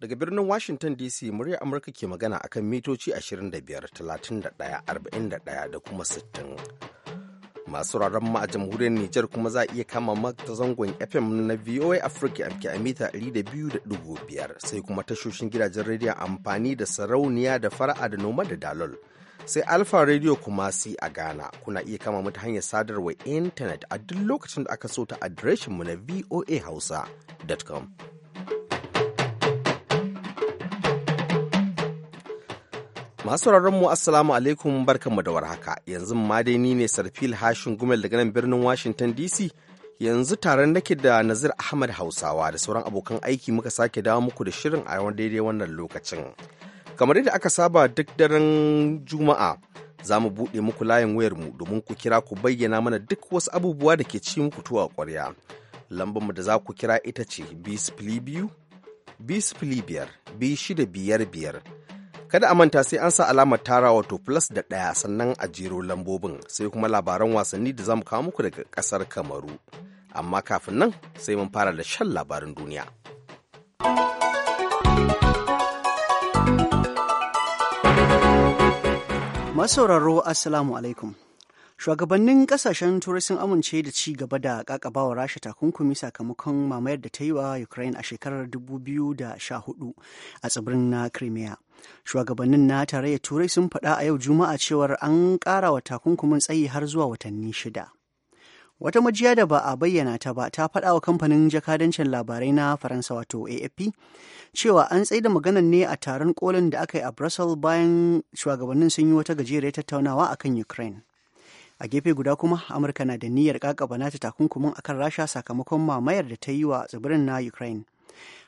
Daga birnin Washington DC muryar Amurka ke magana a kan mitoci 25, 31, 41 da kuma 60. Masu raron ma a jamhuriyar Nijar kuma za a iya kama mata zangon FM na VOA Africa a mita 200.5 sai kuma tashoshin gidajen rediyon amfani da sarauniya da fara'a da noma da dalol. sai alfa radio kuma si a ghana kuna iya kama mata hanyar sadarwa intanet a duk lokacin da aka so ta adireshinmu na voa hausa.com Masu mu Assalamu alaikum barkanmu da warhaka. Yanzu ma dai ni ne Sarfil Hashin Gumel daga nan birnin Washington DC. Yanzu taron nake da Nazir Ahmad Hausawa da sauran abokan aiki muka sake dawo muku da shirin a yawan daidai wannan lokacin. Kamar yadda aka saba duk daren Juma'a za mu buɗe muku layin wayarmu domin ku kira ku bayyana mana duk wasu abubuwa da ke ci muku tuwa ƙwarya. mu da za ku kira ita ce biyu, biyu biyar, bi da biyar biyar. Kada a manta sai an sa alamar tara wato plus da ɗaya sannan a jero lambobin sai kuma labaran wasanni da zamu kawo muku daga ƙasar Kamaru. Amma kafin nan sai mun fara da shan labarin duniya. Masauraro Assalamu alaikum. Shugabannin kasashen Turai sun amince da ci gaba da kakabawa Rasha takunkumi sakamakon mamayar da ta yi wa Ukraine a shekarar 2014 a tsibirin na Crimea. Shugabannin na tarayyar Turai sun faɗa a yau Juma'a cewar an ƙara wa takunkumin tsayi har zuwa watanni shida. Wata majiya da ba a bayyana ta ba ta faɗa wa kamfanin jakadancin labarai na Faransa wato AFP cewa an da maganar ne a taron kolin da aka yi a Brussels bayan shugabannin sun yi wata gajeriyar tattaunawa akan Ukraine. a gefe guda kuma amurka na da niyyar kakaba ta takunkumin akan rasha sakamakon mamayar da ta yi wa tsibirin na ukraine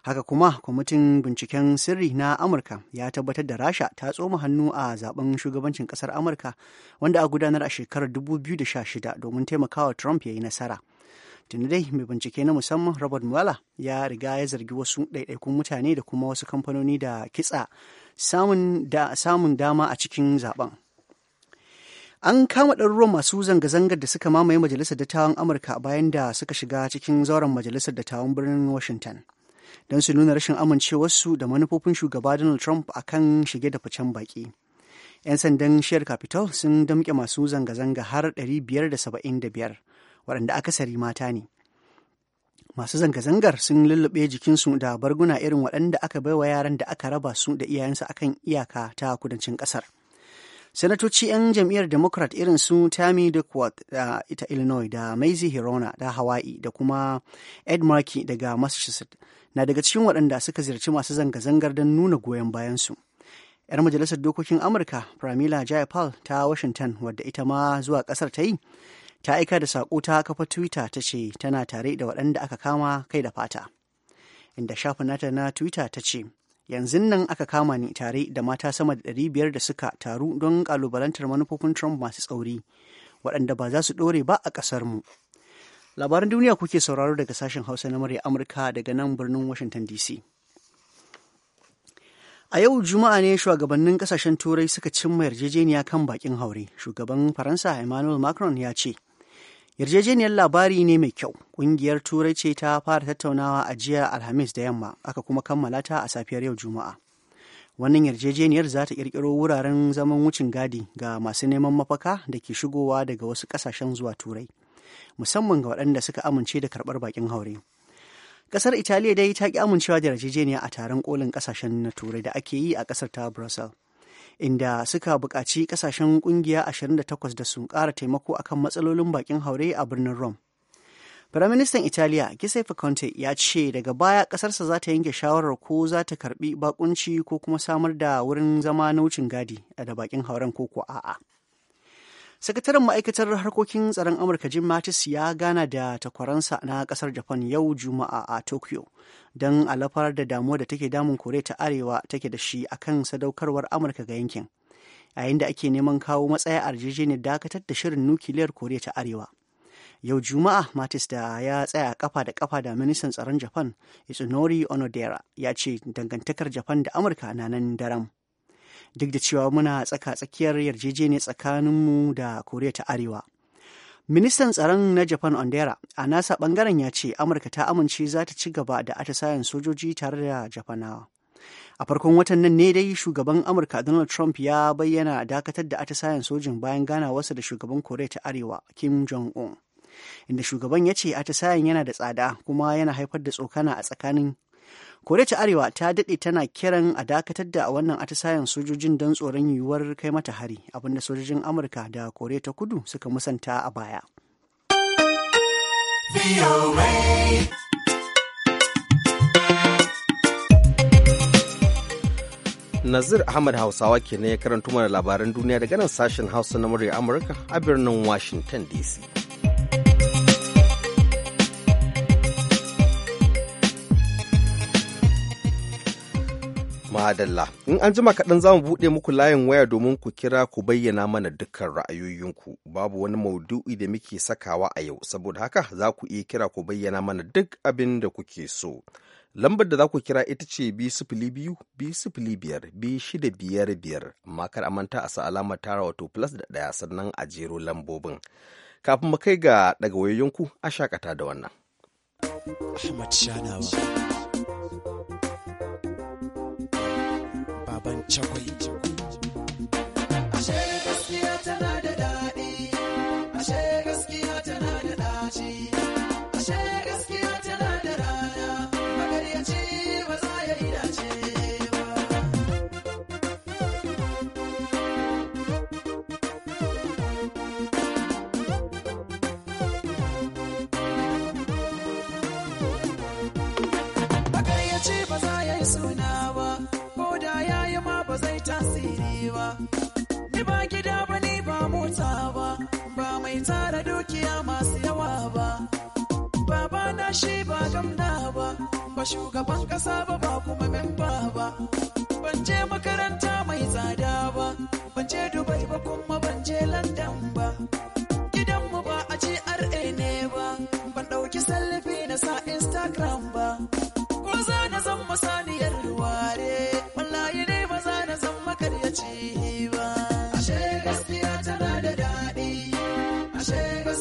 haka kuma kwamitin binciken sirri na amurka ya tabbatar da rasha ta tsoma hannu a zaben shugabancin kasar amurka wanda a gudanar a shekarar 2016 domin taimakawa trump ya yi nasara tuni dai mai bincike na musamman robert mueller ya riga ya zargi wasu ɗaiɗaikun mutane da kuma wasu kamfanoni da kitsa samun dama a cikin zaben an kama ɗan ɗaruruwan masu zanga-zangar da suka mamaye majalisar dattawan amurka bayan da suka shiga cikin zauren majalisar dattawan birnin washington don su nuna rashin amincewarsu da manufofin shugaba donald trump a kan shige da ficen baki 'yan sandan shiyar capital sun damke masu zanga-zanga har 575 waɗanda akasari mata ne masu zanga-zangar sun lullube jikinsu da barguna irin waɗanda aka baiwa yaran da aka raba su da iyayensu akan iyaka ta kudancin ƙasar. Sanatoci 'yan jam'iyyar Democrat irin su Tammy Duckworth da ita Illinois da Mazie Hirona da Hawaii da kuma Ed Markey daga Massachusetts na daga cikin waɗanda suka ziyarci masu zanga-zangar don nuna goyon bayansu. 'Yar majalisar dokokin Amurka, Pramila Jayapal ta Washington, wadda ita ma zuwa ƙasar ta yi, ta aika da saƙo ta kafa Twitter ta ce tana tare da waɗanda aka kama kai da fata. Inda shafin nata na Twitter ta ce, yanzu nan aka kama ni tare da mata sama da ɗari biyar da suka taru don kalubalantar manufofin Trump masu tsauri waɗanda ba za su ɗore ba a ƙasar mu. Labaran duniya kuke sauraro daga sashen Hausa na murya Amurka daga nan birnin Washington DC. A yau Juma'a ne shugabannin kasashen Turai suka cimma yarjejeniya kan bakin haure. Shugaban Faransa Emmanuel Macron ya ce, yarjejeniyar labari ne mai kyau ƙungiyar turai ce ta fara tattaunawa a jiya alhamis da yamma aka kuma kammala ta a safiyar yau juma'a wannan yarjejeniyar za ta ƙirƙiro wuraren zaman wucin gadi ga masu neman mafaka da ke shigowa daga wasu ƙasashen zuwa turai musamman ga waɗanda suka amince da karɓar bakin haure ƙasar italiya dai ta ƙi amincewa da yarjejeniya a taron kolin ƙasashen na turai da ake yi a ƙasar ta brussels inda suka buƙaci ƙasashen ƙungiya 28 da su ƙara taimako akan matsalolin bakin haure a birnin Rome. Firaministan Italiya Giuseppe Conte ya ce daga baya ƙasarsa za ta yanke shawarar ko za ta karɓi bakunci ko kuma samar da wurin zama na wucin gadi da bakin hauren ko ko a'a. sakataren ma'aikatar harkokin tsaron amurka jim mattis ya gana da takwaransa na kasar japan yau juma'a a tokyo don alafar da damuwa da take damun koriya ta arewa take da shi akan sadaukarwar amurka ga yankin yayin da ake neman kawo matsaya a ne dakatar da shirin nukiliyar koriya ta arewa yau juma'a matis da ya tsaya kafa da kafa da ministan tsaron japan itsunori onodera ya ce dangantakar japan da amurka na nan daram duk da cewa muna tsaka-tsakiyar yarjejeniya tsakanin mu da koriya ta arewa ministan tsaron na japan ondera a nasa bangaren ya ce amurka ta amince za ta ci gaba da atisayen sojoji tare da japanawa a farkon watan nan ne dai shugaban amurka donald trump ya bayyana dakatar da atisayen sojin bayan wasu da shugaban koriya ta arewa kim jong-un inda shugaban ya ce atisayen yana da tsada kuma yana haifar da tsokana a tsakanin koriya ta arewa ta daɗe tana kiran a dakatar da wannan atisayen sojojin don tsoron yiwuwar kai mata hari abinda sojojin amurka da koriya ta kudu suka musanta a baya Nazir Ahmad Hausawa ke ne ya karanto mana labaran duniya daga nan sashen Hausa na murya Amurka a birnin Washington DC. Madalla, in an jima kaɗan za mu buɗe muku layin waya domin ku kira ku bayyana mana dukkan ra'ayoyinku. Babu wani maudu'i da muke sakawa a yau, saboda haka za ku iya kira ku bayyana mana duk abin da kuke so. Lambar da za ku kira ita ce b sifili biyu b sifili biyar b shida biyar biyar amma kar a manta a sa alamar tara wato plus da ɗaya sannan a jero lambobin. Kafin mu kai ga ɗaga wayoyinku a shakata da wannan. Ahmad Shanawa. chakwe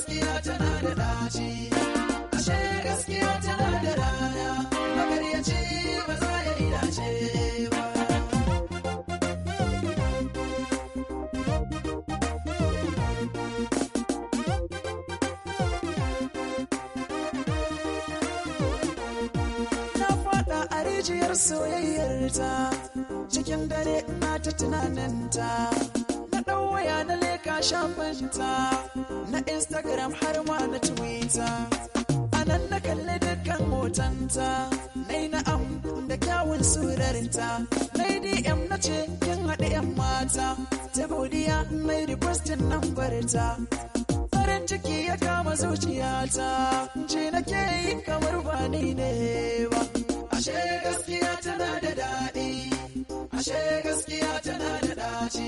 gaskiya tana da ɗaci ashe gaskiya tana da rana magaryaci ba za ya ilace ba rijiyar soyayyarta cikin dare ina ta tunaninta na ɗan waya na leka shafinta na Instagram har ma na Twitter. A nan na kalli dukkan hotonta, na yi na'am da kyawun surarinta. Na yi DM na ce, kin haɗe 'yan mata, ta godiya na yi requestin nan barita. Farin ciki ya kama zuciyata, ce na ke yi kamar ba ni ne ba. Ashe gaskiya tana da daɗi, ashe gaskiya tana da daɗi.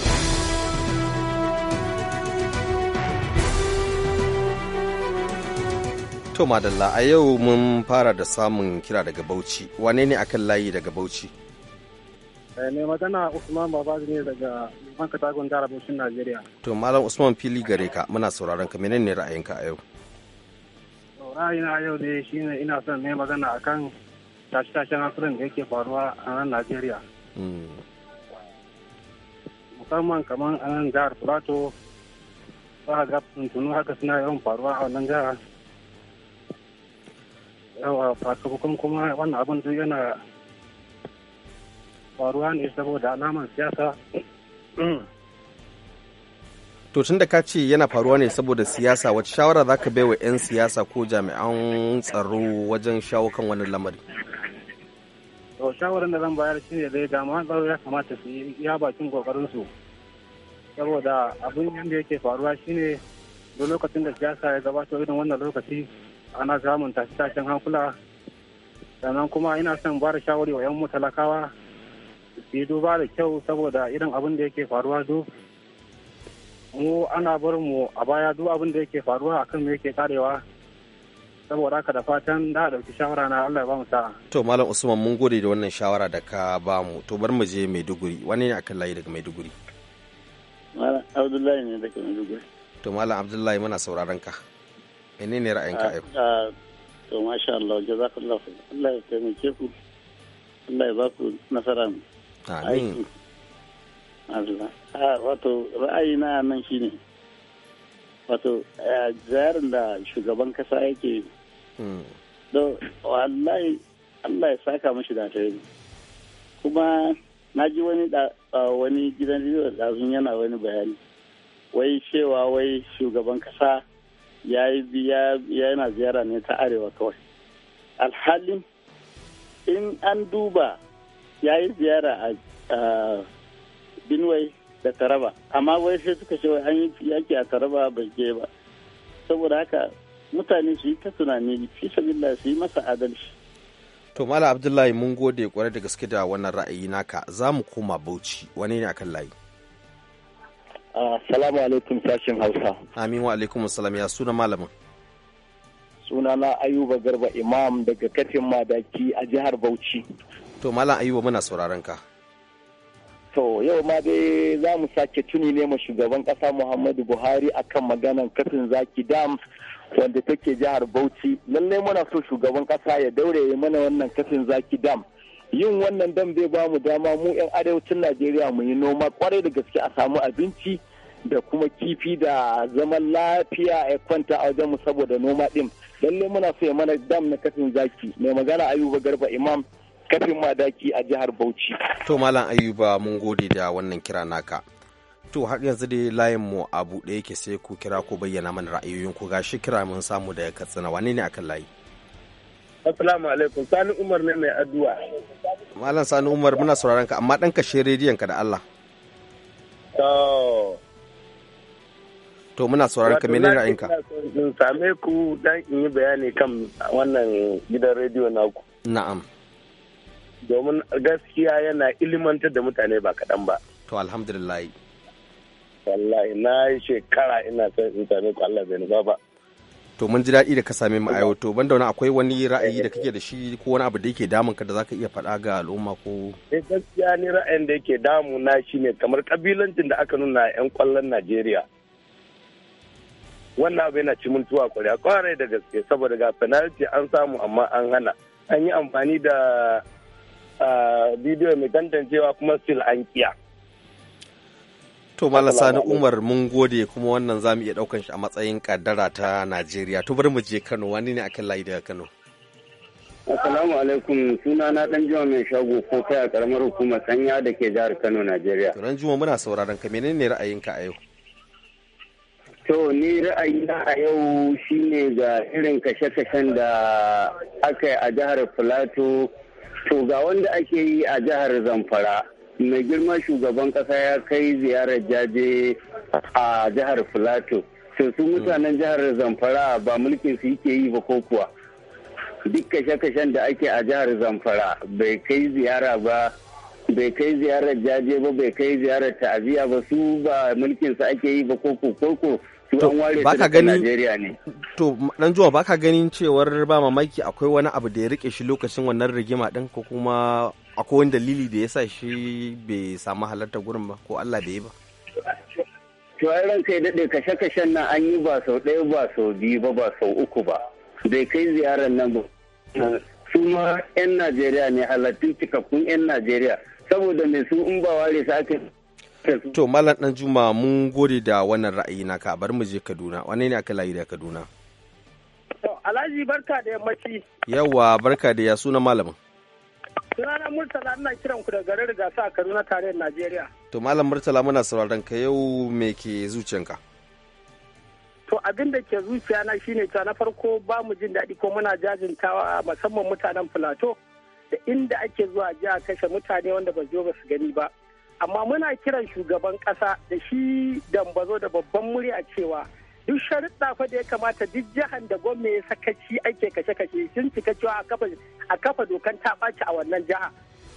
To madalla a yau mun fara da samun kira daga Bauchi. Wane ne akan layi daga Bauchi? Eh, mai magana Usman Babaji ne daga Ban Katagun Jihar Bauchin Najeriya. To Malam Usman Fili gare ka muna sauraron ka menene ra'ayinka a yau? Ra'ayina a yau ne shine ina son mai magana akan tashe-tashen asirin da yake faruwa a nan Najeriya. Hmm. Musamman kamar a nan jihar Plateau, ba ga tuntunu haka suna yawan faruwa a nan jihar yawa kuma wannan abin duk yana faruwa ne saboda alaman siyasa to tun da ka ce yana faruwa ne saboda siyasa wacce shawara za ka bai wa 'yan siyasa ko jami'an tsaro wajen shawo kan wani lamari to shawarar da zan bayar shi ne dai jami'an tsaro ya kamata su yi ya bakin kokarin su saboda abin yadda yake faruwa shine don lokacin da siyasa ya gabata irin wannan lokaci ana samun tashe-tashen hankula sannan kuma ina son ba da shawari wa 'yan talakawa su yi duba da kyau saboda irin abin da yake faruwa du mu ana bar mu a baya duk abin da yake faruwa a kan yake karewa saboda haka da fatan da ɗauki shawara na Allah ya ba mu sa'a. To Malam Usman mun gode da wannan shawara da ka ba mu to bar mu je Maiduguri wani ne akan layi daga Maiduguri. Malam Abdullahi ne daga Maiduguri. to malam abdullahi mana sauraron ka menene ra'ayinka ka yau ah, ah, to masha Allah jazakallahu Allah ya taimake ku Allah ya baku nasara amin Allah ah, wato na nan shine wato eh, ziyarar da shugaban kasa yake don hmm. wallahi Allah ya saka mashi da tare kuma na ji wani wani gidan rediyo da yana wani bayani wai cewa wai shugaban kasa ya yi yana ziyara ne ta arewa kawai alhalin in an duba ya yi ziyara a binwai da taraba amma wai sai suka ce an yi yaki a taraba bai je ba saboda haka mutane su yi ta tunani fi sabila su yi masa adalci to mala abdullahi mun gode kwarai da gaske da wannan ra'ayi naka za mu koma bauchi wani ne akan layi Assalamu alaikum sashen Hausa. Amin wa alaikum salam ya suna malamin. Sunana Ayuba Garba Imam daga Katin Madaki a jihar Bauchi. To Malam Ayuba muna sauraron ka. To yau ma dai za mu sake tuni ne ma shugaban kasa Muhammadu Buhari akan maganan kafin zaki dam wanda take jihar Bauchi. Lallai muna so shugaban kasa ya daure mana wannan kafin zaki dam. yin wannan dam zai ba mu dama mu 'yan arewacin najeriya mu yi noma kwarai da gaske a samu abinci da kuma kifi da zaman lafiya ya kwanta a wajen mu saboda noma din lalle muna so ya mana dam na kafin zaki mai magana ayuba garba imam kafin madaki a jihar bauchi to malam ayuba mun gode da wannan kira naka to har yanzu dai layin mu a buɗe yake sai ku kira ko bayyana mana ra'ayoyin ku shi kira mun samu daga katsina wane ne akan layi Assalamu alaikum Sani Umar ne mai addu'a. Malam Sani Umar muna sauraron ka amma ɗan kashe rediyon ka da Allah. To muna sauraron ka menene ra'ayinka? In same ku dan in yi bayani kan wannan gidan rediyo naku. Na'am. Domin gaskiya yana ilimantar da mutane ba kaɗan ba. To alhamdulillah. Wallahi na yi shekara ina son in same ku Allah bai nufa ba. to mun ji daɗi da ka same mu a yau to ban da wani akwai wani ra'ayi da kake da shi ko wani abu da yake damun ka da zaka iya faɗa ga al'umma ko eh gaskiya ni ra'ayin da yake damu shi shine kamar kabilancin da aka nuna yan kwallon Najeriya wannan abu yana cimin tuwa a kwarai da gaske saboda ga penalty an samu amma an hana an yi amfani da ah, bidiyo mai tantancewa kuma still an kiya To Malam Sani Umar mun gode kuma wannan za mu iya daukan shi a matsayin kaddara ta Najeriya. To bari mu je Kano wani ne akan layi daga Kano? Assalamu alaikum suna na dan juma mai shago ko kai a karamar hukumar sanya da ke jihar Kano Najeriya. dan juma muna sauraron ka menene ra'ayinka a yau? To ni ra'ayina a yau shine ga irin kashe-kashen da aka yi a jihar Filato to ga wanda ake yi a jihar Zamfara. mai girma shugaban kasa ya kai ziyarar jaje a jihar filato to su mutanen jihar zamfara ba mulkin su yake yi ba ko kuwa duk kashe-kashen da ake a jihar zamfara bai kai ziyara ba bai kai ziyarar jaje ba bai kai ziyarar ta'aziyya ba su ba mulkin su ake yi ba koko koko su an ware su ne to dan juma baka ganin cewar ba mamaki akwai wani abu da ya rike shi lokacin wannan rigima din ko kuma akwai wani dalili da ya sa shi bai samu halartar gurin ba ko Allah bai yi ba to ai ran kai daɗe kashe-kashen nan an yi ba sau ɗaya ba sau biyu ba ba sau uku ba bai kai ziyarar nan ba su ma 'yan najeriya ne halattun cikakkun 'yan najeriya saboda mai su in ba ware su ake to malam ɗan juma mun gode da wannan ra'ayi naka bar mu je kaduna wane ne aka layi da kaduna alhaji barka da yammaci yawa barka da ya suna malamin Sunana Murtala ina kiran ku da garin rigasa a Kaduna tarayyar Najeriya. To Malam Murtala muna sauraron ka yau me ke zuciyanka? To abin da ke zuciya na shine ta na farko ba mu jin daɗi ko muna jajintawa musamman mutanen Filato da inda ake zuwa jiya kashe mutane wanda ba zo ba su gani ba. Amma muna kiran shugaban kasa da shi dambazo da babban murya cewa duk sharuɗa fa da ya kamata duk jihar da gwamna ya sakaci ake kashe-kashe sun cika cewa a kafa a kafa dokan ta ɓaci a wannan jiha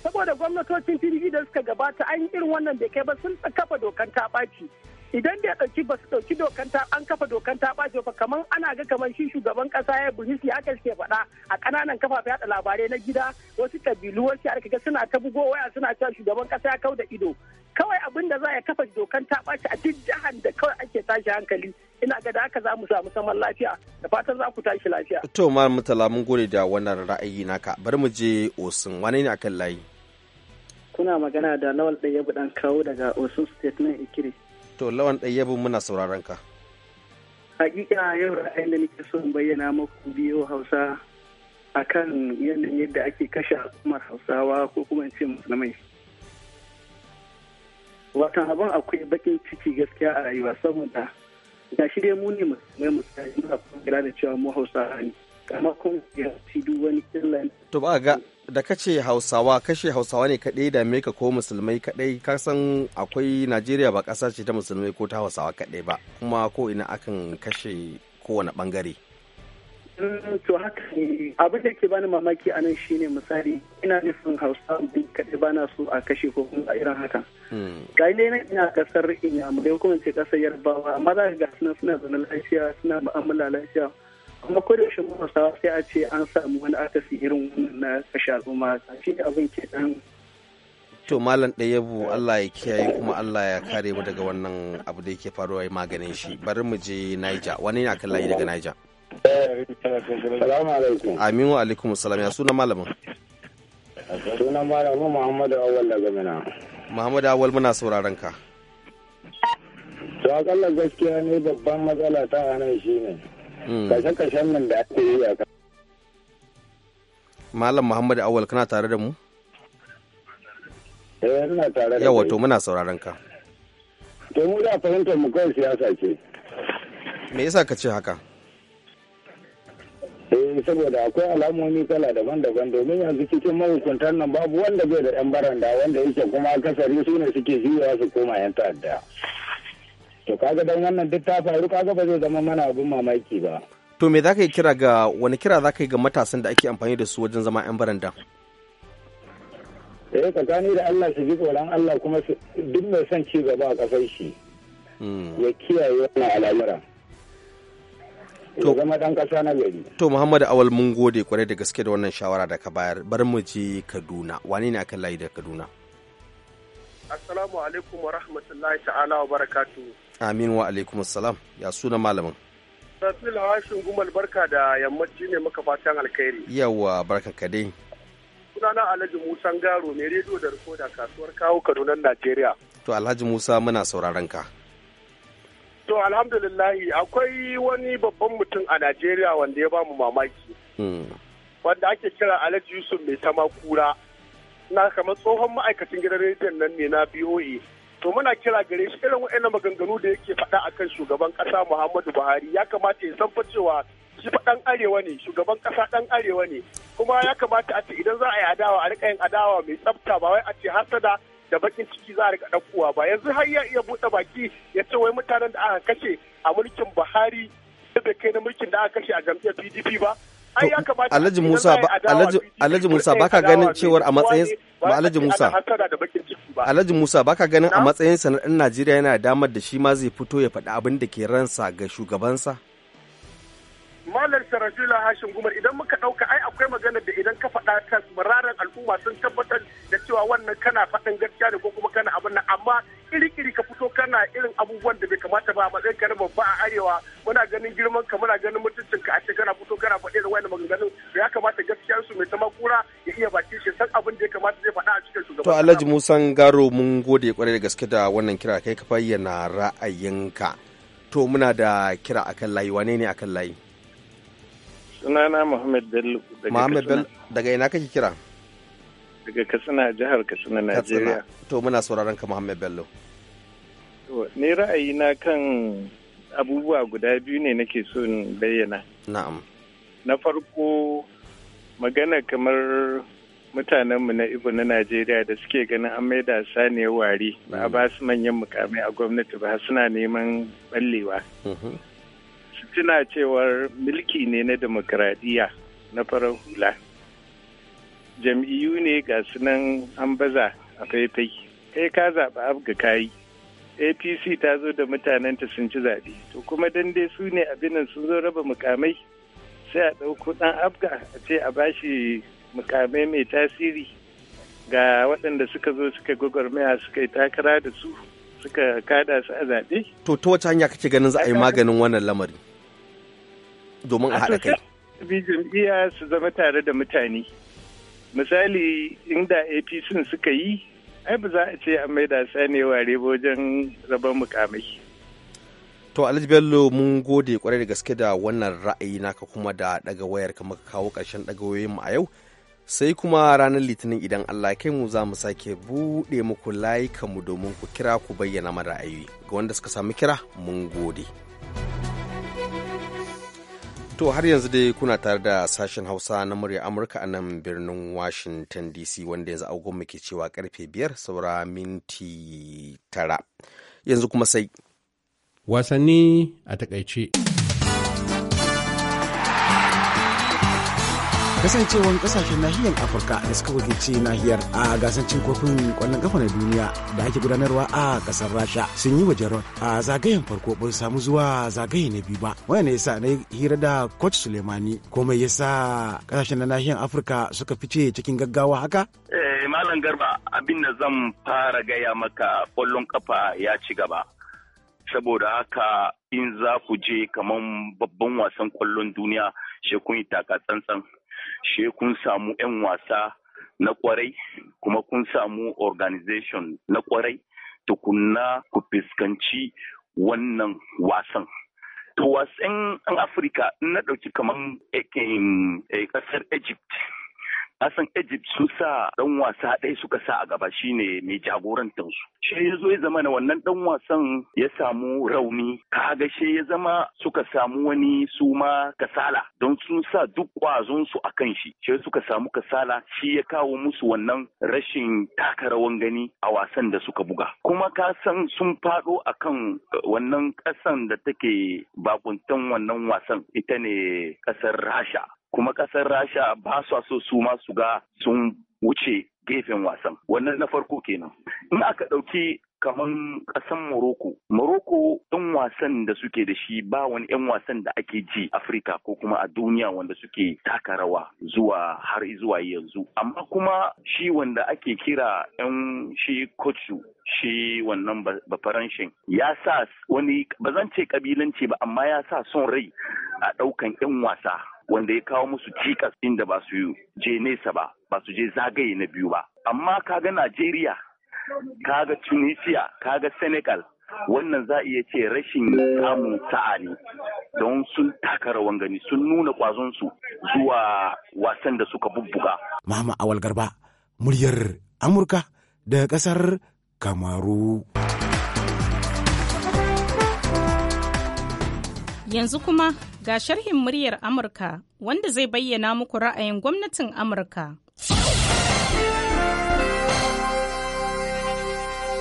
saboda gwamnatocin pdp da suka gabata an yi irin wannan bai kai ba sun kafa dokan ta ɓaci idan da ya ɗauki ba su ɗauki dokan ta an kafa dokan ta ba kamar ana ga kamar shi shugaban ƙasa ya buhisi haka ke faɗa a kananan kafafen yaɗa labarai na gida wasu ƙabilu wasu aka ga suna ta bugo waya suna cewa shugaban ƙasa ya kau da ido kawai abin da za ya kafa dokan ta ɓaci a duk jihar da kawai ake tashi hankali ina ga da haka za mu samu saman lafiya da fatan za ku tashi lafiya. to ma mutala mun gode da wannan ra'ayi naka bari mu je osun wani ne akan layi. kuna magana da lawal ɗaya buɗan kawo daga osun state na ikiri. to lawan yabin muna sauraron ka hakika yau ra'ayin da nake son bayyana maku biyo hausa akan yanayin yadda ake kashe al'ummar hausawa ko kuma in ce musulmai watan abin akwai bakin ciki gaskiya a rayuwa saboda ga shi dai mu ne musulmai musulmai muna kuma da cewa mu hausawa ne kamakon ziyarci wani To ba ga da kace Hausawa kashe Hausawa ne kaɗai da ka ko musulmai kaɗai kasan akwai Najeriya ba ƙasa ce ta musulmai ko ta Hausawa kaɗai ba kuma ko ina akan kashe kowane ɓangare. Mm, to haka ne abin da ke bani mamaki a nan shine misali ina nufin hausa din kaɗai bana so a kashe ko kuma a irin haka. Hmm. Ga ne ina kasar Inyamurai kuma ce kasar Yarbawa amma za ga suna suna zaune lafiya suna mu'amala lafiya. kuma ko da shin musa sai a ce an samu wani akasi irin wannan na kashe al'umma shi abin ke dan to malam yabo Allah ya kiyaye kuma Allah ya kare mu daga wannan abu da yake faruwa ya maganin shi bari mu je Niger wani ne kan layi daga Niger Amin wa alaikum salam ya suna malamin Suna malamin Muhammadu Awal daga Mina Muhammadu Awal muna sauraron ka To akalla gaskiya ne babban matsala ta shi shine kashe nan da ake yi a Malam Muhammadu Awal kana tare da mu? Eh, ina tare da Yawa to muna sauraron ka. To mu da fahimtar mu kawai siyasa ce. Me yasa ka ce haka? Eh, saboda akwai alamomi kala daban-daban domin yanzu cikin mahukuntan nan babu wanda bai da 'yan baranda wanda yake kuma kasari su ne suke juyawa su koma 'yan ta'adda. to kaga dan wannan duk ta faru kaga ba zai zama mana abun mamaki ba to me zaka yi kira ga wani kira zaka yi ga matasan da ake amfani da su wajen zama yan baranda eh tsakani da Allah su ji tsoron Allah kuma duk mai son ci gaba a kasar shi hmm. ya kiyaye wannan al'amura to zama dan kasa na gari to Muhammadu Awal mun gode kwarai da gaske da wannan shawara da ka bayar bari mu je Kaduna wani ne akan layi da Kaduna Assalamu alaikum wa rahmatullahi ta'ala wa barakatuhu amin wa alaikum salam ya suna malamin Rasul Hashin Gumal barka da yammaci ne maka fatan alkhairi. Yawwa barka ka dai. Sunana Alhaji Musa Ngaro mai rediyo da rikoda kasuwar kawo Kaduna Najeriya. To Alhaji Musa muna sauraron ka. To alhamdulillahi akwai wani babban mutum a Najeriya wanda ya bamu mamaki. Hmm. Wanda ake kira Alhaji Yusuf mai tama kura. Na kamar tsohon ma'aikacin gidan rediyon nan ne na BOA. to muna kira gare shi irin wa'annan maganganu da yake faɗa akan shugaban ƙasa Muhammadu Buhari ya kamata ya san fa cewa shi fa dan arewa ne shugaban ƙasa ɗan arewa ne kuma ya kamata a ce idan za a yi adawa a rika yin adawa mai tsafta ba wai a ce hasada da bakin ciki za a rika ɗaukowa ba yanzu har ya iya buɗe baki ya ce wai mutanen da aka kashe a mulkin Buhari da bai kai na mulkin da aka kashe a jam'iyyar PDP ba Alhaji Musa Alhaji Musa ganin cewar a matsayin Alhaji Musa Alhaji Musa baka ganin a matsayin sa Najeriya yana damar da shi ma zai fito ya faɗi abin da ke ransa ga shugabansa. Malam Sarajula Hashin Gumar idan muka ɗauka ai akwai magana da idan ka faɗa ta mararan al'umma sun tabbatar da cewa wannan kana faɗin gaskiya ne ko kuma kana abin nan amma iri-iri ka fito kana irin abubuwan da bai kamata ba a matsayin ka na babba a arewa muna ganin girman ka muna ganin mutuncin ka a ce kana fito kana faɗi da wani maganganun da ya kamata gaskiyar su mai tama kura ya iya baki shi san abin da ya kamata zai faɗa a cikin shugaban. To Alhaji Musan Garo mun gode kwarai da gaske da wannan kira kai ka bayyana ra'ayinka. To muna da kira akan layi wane ne akan layi? sunana Muhammad Bello daga Muhammad Bello daga ina kake kira? Daga Katsina jihar Katsina Najeriya. To muna sauraron ka Muhammad Bello. To ni na kan abubuwa guda biyu ne nake so in bayyana. Na'am. Na farko magana kamar mutanenmu na ibo na Najeriya da suke ganin an maida saniyar wari ba mm. ba su manyan mukamai a gwamnati ba suna neman ballewa. Mm-hmm. tuna cewar mulki ne na demokradiyya na farar hula jam'iyyu ne ga sunan an baza a faifai kai ka zaɓi abga kayi apc ta zo da mutanenta sun ci zaɓe to kuma dan dai su ne abinan sun zo raba mukamai sai a ɗauko ɗan abga a ce a bashi mukamai mai tasiri ga waɗanda suka zo suka gwagwarmaya suka yi takara da su suka kada su a zaɓe. To ta wace hanya kake ganin za a yi maganin wannan lamari? domin a haɗa kai jam'iyya su zama tare da mutane misali inda apc suka yi ai ba za a ce an da sane ware wajen rabon mukamai to alhaji bello mun gode kwarai da gaske da wannan ra'ayi naka kuma da daga wayar ka muka kawo karshen daga wayoyin mu a yau sai kuma ranar litinin idan allah kai mu za mu sake buɗe muku layukanmu domin ku kira ku bayyana mana ra'ayi ga wanda suka samu kira mun gode. To har yanzu dai kuna tare da sashen Hausa na murya Amurka a nan birnin Washington DC wanda yanzu agon muke cewa karfe biyar saura minti tara. Yanzu kuma sai. Wasanni a takaice. kasancewan kasashen nahiyar afirka da suka wakilci nahiyar a gasancin kofin kwallon kafa na duniya da ake gudanarwa a kasar rasha sun yi wajen jarot a zagayen farko ban samu zuwa zagaye na biyu ba wanda yasa na hira da coach sulemani komai yasa kasashen na nahiyar afirka suka fice cikin gaggawa haka eh malam garba abin da zan fara gaya maka kwallon kafa ya ci gaba saboda haka in za ku je kamar babban wasan kwallon duniya shekun taka tsantsan she kun samu 'yan wasa na kwarai kuma kun samu organization na kwarai tukunna ku fuskanci wannan wasan. To wasan Afirka na ɗauki kamar eh, eh, ƙasar Egypt kasan egypt sun sa dan wasa ɗaya suka sa a gaba shine mai jagorantar su she ya zo ya zama na wannan dan wasan ya samu rauni Ka ga she ya zama suka samu wani suma kasala don sun sa duk kwazon su kan shi she suka samu kasala shi ya kawo musu wannan rashin taka rawan gani a wasan da suka buga kuma ka san sun faɗo akan eh, wannan ƙasan da take bakuntan wannan wasan ita ne ƙasar rasha kuma ƙasar rasha ba su so su ma su ga sun wuce gefen wasan wannan na farko kenan in aka ɗauki kamar ƙasan Morocco. Morocco ɗan wasan da suke da shi ba wani ƴan wasan da ake ji Afirka ko kuma a duniya wanda suke taka rawa zuwa har zuwa yanzu. Amma kuma shi wanda ake kira 'yan shi kocu shi wannan bafaranshin ya sa wani ba zan ce kabilanci ba amma ya sa son rai a ɗaukan 'yan wasa wanda ya kawo musu cikas inda ba su je nesa ba ba su je zagaye na biyu ba amma kaga Najeriya kaga Tunisia kaga Senegal wannan za iya ce rashin samun sa'a ne don sun taka rawan gani sun nuna kwazonsu zuwa wasan da suka bubbuga. Mama Awal Garba, muryar Amurka da kasar Kamaru. Yanzu kuma Ga sharhin muryar Amurka wanda zai bayyana muku ra'ayin gwamnatin Amurka.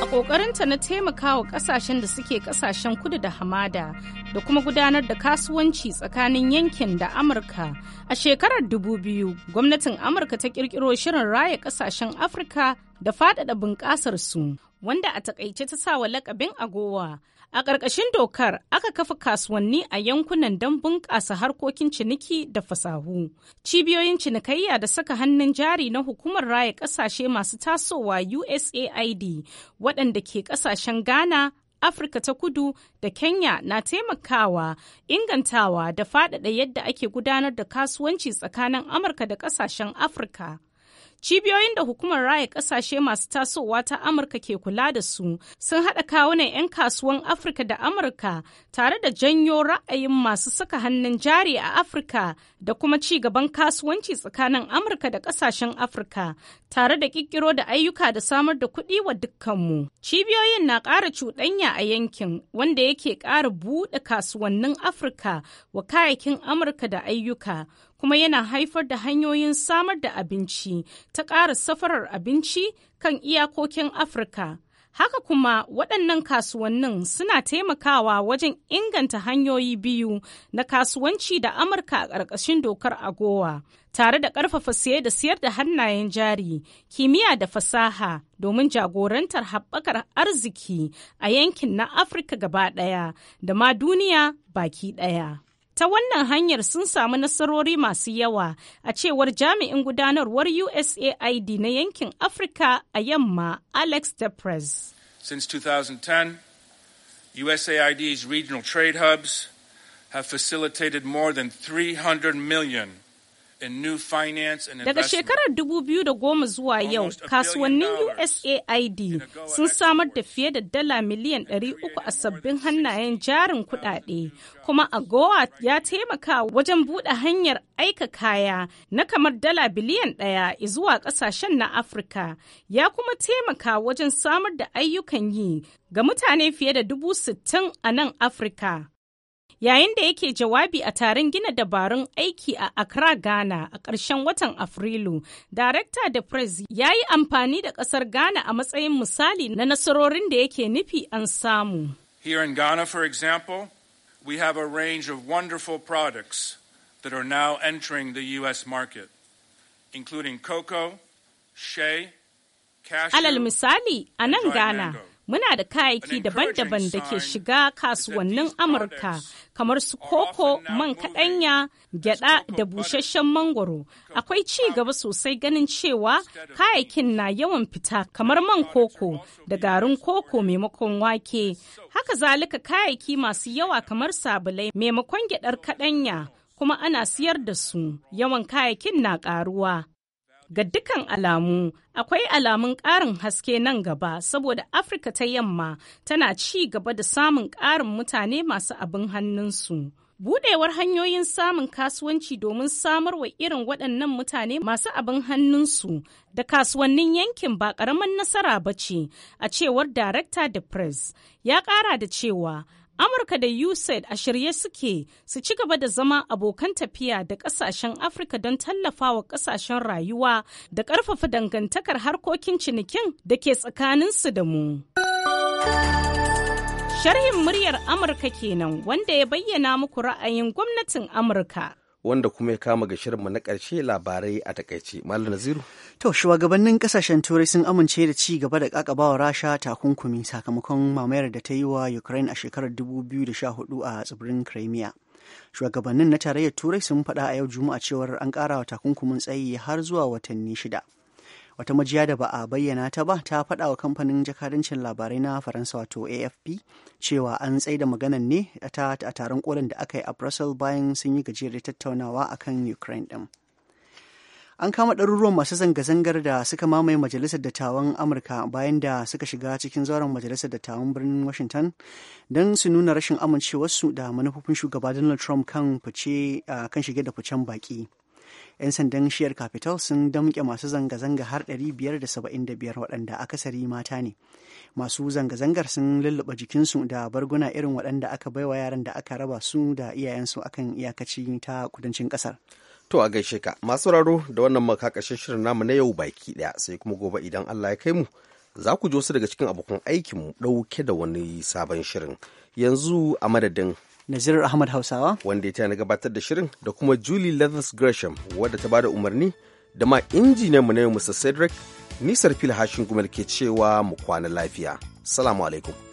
A ƙoƙarinta na taimakawa ƙasashen da suke ƙasashen kudu da hamada da kuma gudanar da kasuwanci tsakanin yankin da Amurka. A shekarar 2000, gwamnatin Amurka ta ƙirƙiro shirin raya ƙasashen Afirka da faɗaɗa bunƙasarsu, wanda a taƙaice ta sawa lakabin agowa. A ƙarƙashin dokar aka kafa kasuwanni a yankunan don bunƙasa harkokin ciniki da fasahu. Cibiyoyin cinikayya da saka hannun jari na hukumar raya ƙasashe masu tasowa USAID waɗanda ke ƙasashen Ghana, Afirka ta kudu da Kenya na taimakawa, ingantawa da faɗaɗa yadda ake gudanar da kasuwanci tsakanin Amurka da ƙasashen Afirka. Cibiyoyin da hukumar raya kasashe masu tasowa ta Amurka ke kula da su sun haɗa kawunan 'yan kasuwan Afirka da Amurka tare da janyo ra'ayin masu saka hannun jari a Afirka da kuma ci gaban kasuwanci tsakanin Amurka da kasashen Afirka tare da ƙirƙiro da ayyuka da samar da kuɗi wa dukkanmu. Cibiyoyin na ƙara cuɗanya a yankin wanda yake ƙara buɗe kasuwannin Afirka wa kayayyakin Amurka da ayyuka kuma yana haifar da hanyoyin samar da abinci ta ƙara safarar abinci kan iyakokin Afirka. Haka kuma waɗannan kasuwannin suna taimakawa wajen inganta hanyoyi biyu na kasuwanci da Amurka a ƙarƙashin dokar agowa, tare da ƙarfafa siye da siyar da hannayen jari, kimiyya da fasaha domin jagorantar haɓakar arziki a yankin na Afirka gaba ɗaya da ma duniya baki ɗaya. Ta wannan hanyar sun samu nasarori masu yawa a cewar jami'in gudanarwar USAID na yankin Afirka a yamma Alex Press. Since 2010, USAID's regional trade hubs have facilitated more than 300 million Daga shekarar 2010 zuwa yau, kasuwannin USAID sun samar da fiye da dala miliyan 300 a sabbin hannayen jarin kudade, kuma AGOA ya taimaka wajen buɗe hanyar aika kaya na kamar dala biliyan ɗaya zuwa ƙasashen na Afirka, ya kuma taimaka wajen samar da ayyukan yi ga mutane fiye da dubu sittin a nan Afirka. Yayin da yake jawabi a taron gina dabarun aiki a Accra, Ghana a ƙarshen watan Afrilu, Darekta da Prez ya yi amfani da ƙasar Ghana a matsayin misali na nasarorin da yake nufi an samu. Here in Ghana, for example, we have a range of wonderful products that are now entering the U.S. market, including cocoa, shea, Alal misali a nan Ghana Muna da kayayyaki daban-daban da ke shiga kasuwannin Amurka kamar su koko, man kaɗanya, gyada da busasshen mangoro. Akwai ci gaba sosai ganin cewa kayayyakin na yawan fita kamar man koko da garin koko maimakon wake. Haka zalika kayayyaki masu yawa kamar sabulai maimakon gyadar kaɗanya kuma ana siyar da su. Yawan kayayyakin na ƙaruwa. ga dukkan alamu akwai alamun ƙarin haske nan gaba saboda afirka ta yamma tana ci gaba da samun ƙarin mutane masu abin hannunsu budewar hanyoyin samun kasuwanci domin samar wa irin waɗannan mutane masu abin hannunsu da kasuwannin yankin ba ƙaramin nasara ba ce a cewar director da press ya ƙara da cewa Amurka da USAID a shirye suke su ci gaba da zama abokan tafiya da ƙasashen Afirka don tallafawa ƙasashen rayuwa da ƙarfafa dangantakar harkokin cinikin da ke tsakaninsu da mu. Sharhin muryar Amurka kenan wanda ya bayyana muku ra'ayin gwamnatin Amurka. wanda kuma ya kama ga shirinmu na ƙarshe labarai a takaice. Malam Naziru. To, shugabannin kasashen Turai sun amince da ci gaba da kakabawa Rasha takunkumi sakamakon mamayar da ta yi wa Ukraine a shekarar dubu biyu da sha hudu a tsibirin Crimea. Shugabannin na tarayyar Turai sun faɗa a yau Juma'a cewar an ƙara wa takunkumin tsayi har zuwa watanni shida. wata majiya da ba a bayyana ta ba ta faɗa wa kamfanin jakadancin labarai na faransa wato afp cewa an da maganan ne ta a taron kolin da aka yi a brussels bayan sun yi gajiyar tattaunawa akan ukraine din an kama ɗaruruwan masu zanga-zangar da suka mamaye majalisar dattawan amurka bayan da suka shiga cikin zauren majalisar dattawan birnin washington don su nuna rashin amincewarsu da manufofin shugaba donald trump kan fice kan shige da ficen baki 'yan sandan shiyar capital sun damƙe masu zanga-zanga har 575 waɗanda akasari mata ne masu zanga-zangar sun lulluɓa jikinsu da barguna irin waɗanda aka baiwa yaran da aka raba su da iyayensu akan iyakaci ta kudancin ƙasar to a gaishe ka masu raro da wannan makakashin shirin namu na yau baki ɗaya sai kuma gobe idan allah ya kai mu za ku ji wasu daga cikin abokan aikinmu ɗauke da wani sabon shirin yanzu a madadin Nazir Ahmad Hausawa. Wanda ya na gabatar da shirin da kuma Julie Leathers Gresham wadda ta bada umarni da ma injiniyanmu na yau Mr. Cedric nisar fil hashin gumel ke cewa mu kwana lafiya. Salamu alaikum.